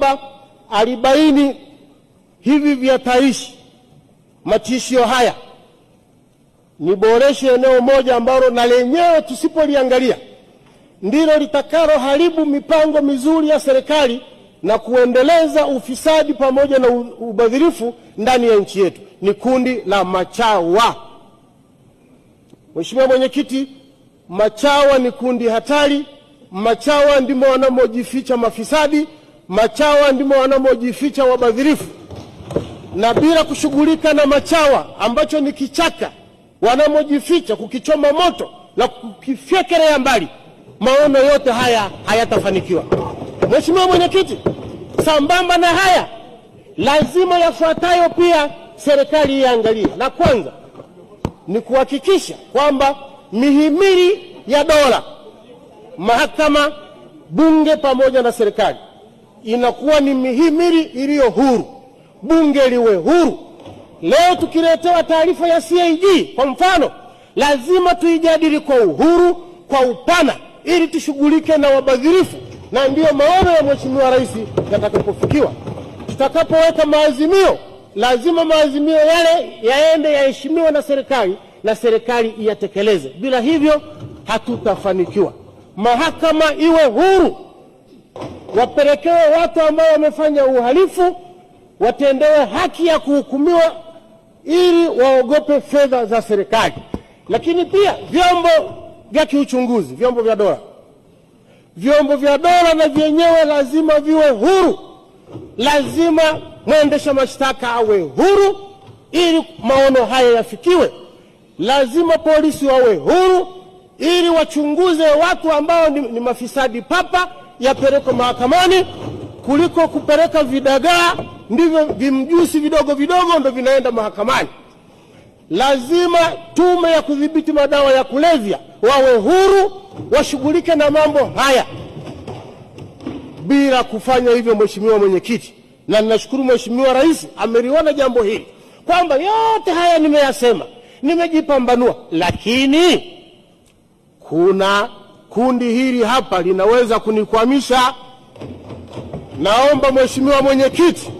kwamba alibaini hivi vihatarishi matishio haya. Niboreshe eneo moja ambalo na lenyewe tusipoliangalia ndilo litakaloharibu mipango mizuri ya serikali na kuendeleza ufisadi pamoja na ubadhirifu ndani ya nchi yetu, ni kundi la machawa. Mheshimiwa Mwenyekiti, machawa ni kundi hatari. Machawa ndimo wanamojificha mafisadi. Machawa ndimo wanamojificha wabadhirifu, na bila kushughulika na machawa ambacho ni kichaka wanamojificha kukichoma moto na kukifyekerea mbali, maono yote haya hayatafanikiwa. Mheshimiwa Mwenyekiti, sambamba na haya, lazima yafuatayo pia serikali iangalie. La kwanza ni kuhakikisha kwamba mihimili ya dola, mahakama, bunge pamoja na serikali inakuwa ni mihimili iliyo huru, bunge liwe huru. Leo tukiletewa taarifa ya CAG kwa mfano, lazima tuijadili kwa uhuru, kwa upana, ili tushughulike na wabadhirifu, na ndiyo maono ya Mheshimiwa Rais yatakapofikiwa. Tutakapoweka maazimio, lazima maazimio yale yaende yaheshimiwe na serikali na serikali iyatekeleze. Bila hivyo hatutafanikiwa. Mahakama iwe huru wapelekewe watu ambao wamefanya uhalifu, watendewe haki ya kuhukumiwa ili waogope fedha za serikali. Lakini pia vyombo vya kiuchunguzi, vyombo vya dola, vyombo vya dola na vyenyewe lazima viwe huru, lazima mwendesha mashtaka awe huru ili maono haya yafikiwe. Lazima polisi wawe huru ili wachunguze watu ambao ni, ni mafisadi papa yapelekwe mahakamani kuliko kupeleka vidagaa, ndivyo vimjusi vidogo vidogo ndo vinaenda mahakamani. Lazima tume ya kudhibiti madawa ya kulevya wawe huru, washughulike na mambo haya bila kufanya hivyo, Mheshimiwa Mwenyekiti. Na ninashukuru Mheshimiwa Rais ameliona jambo hili kwamba yote haya nimeyasema, nimejipambanua, lakini kuna kundi hili hapa linaweza kunikwamisha. Naomba Mheshimiwa Mwenyekiti,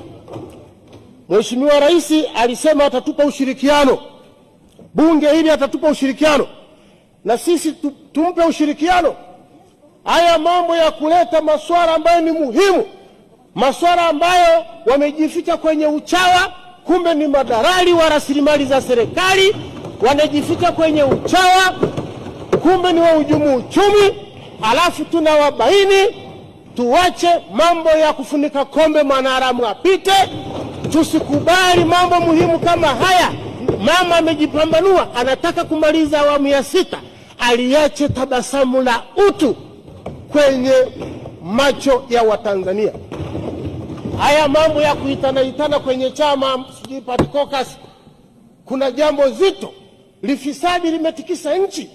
Mheshimiwa Rais alisema atatupa ushirikiano, bunge hili atatupa ushirikiano, na sisi tumpe ushirikiano. Haya mambo ya kuleta masuala ambayo ni muhimu, masuala ambayo wamejificha kwenye uchawa, kumbe ni madalali wa rasilimali za serikali, wanajificha kwenye uchawa kumbe ni wahujumu uchumi, alafu tunawabaini. Tuwache mambo ya kufunika kombe mwanaharamu apite, tusikubali mambo muhimu kama haya. Mama amejipambanua, anataka kumaliza awamu ya sita, aliache tabasamu la utu kwenye macho ya Watanzania. Haya mambo ya kuitanaitana kwenye chama sijui party caucus, kuna jambo zito, lifisadi limetikisa nchi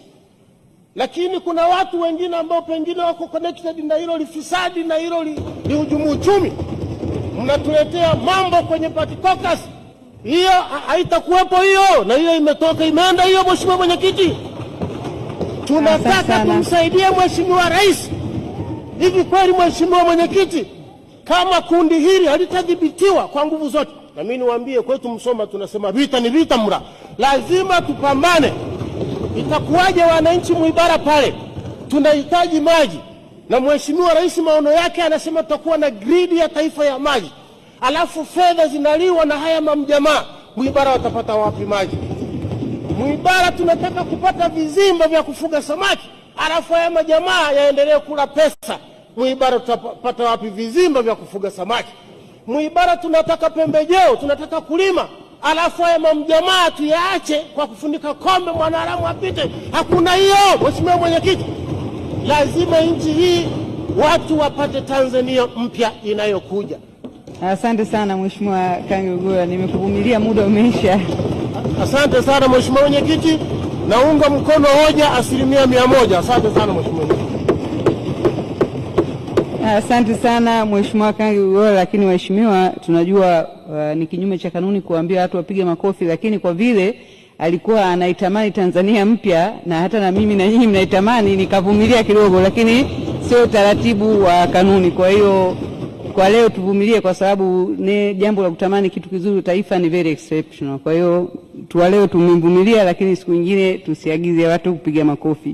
lakini kuna watu wengine ambao pengine wako connected na hilo lifisadi na hilo lihujumu uchumi, mnatuletea mambo kwenye party caucus. Hiyo haitakuwepo hiyo, na hiyo imetoka imeenda hiyo. Mheshimiwa Mwenyekiti, tunataka tumsaidie Mheshimiwa Rais. Hivi kweli, Mheshimiwa Mwenyekiti, kama kundi hili halitadhibitiwa kwa nguvu zote, na mimi niwaambie, kwetu Msoma tunasema vita ni vita, mra lazima tupambane. Itakuwaje wananchi Mwibara pale tunahitaji maji, na mheshimiwa rais maono yake anasema tutakuwa na gridi ya taifa ya maji, alafu fedha zinaliwa na haya mamjamaa. Mwibara watapata wapi maji? Mwibara tunataka kupata vizimba vya kufuga samaki, alafu haya majamaa yaendelee kula pesa. Mwibara tutapata wapi vizimba vya kufuga samaki? Mwibara tunataka pembejeo, tunataka kulima alafu haya mamjamaa tuyaache kwa kufunika kombe, mwanaharamu apite. Hakuna hiyo, mheshimiwa mwenyekiti. Lazima nchi hii watu wapate Tanzania mpya inayokuja. Asante sana mheshimiwa Kangugua, nimekuvumilia muda umeisha. Asante sana mheshimiwa mwenyekiti, naunga mkono hoja asilimia mia moja. Asante sana mheshimiwa mwenyekiti. Asante sana mheshimiwa Kangugura, lakini waheshimiwa, tunajua Uh, ni kinyume cha kanuni kuambia watu wapige makofi, lakini kwa vile alikuwa anaitamani Tanzania mpya na hata na mimi na nyinyi mnaitamani, nikavumilia kidogo, lakini sio utaratibu wa kanuni. Kwa hiyo kwa leo tuvumilie, kwa sababu ni jambo la kutamani kitu kizuri taifa ni very exceptional. Kwa hiyo tuwa leo tumemvumilia, lakini siku nyingine tusiagize watu kupiga makofi.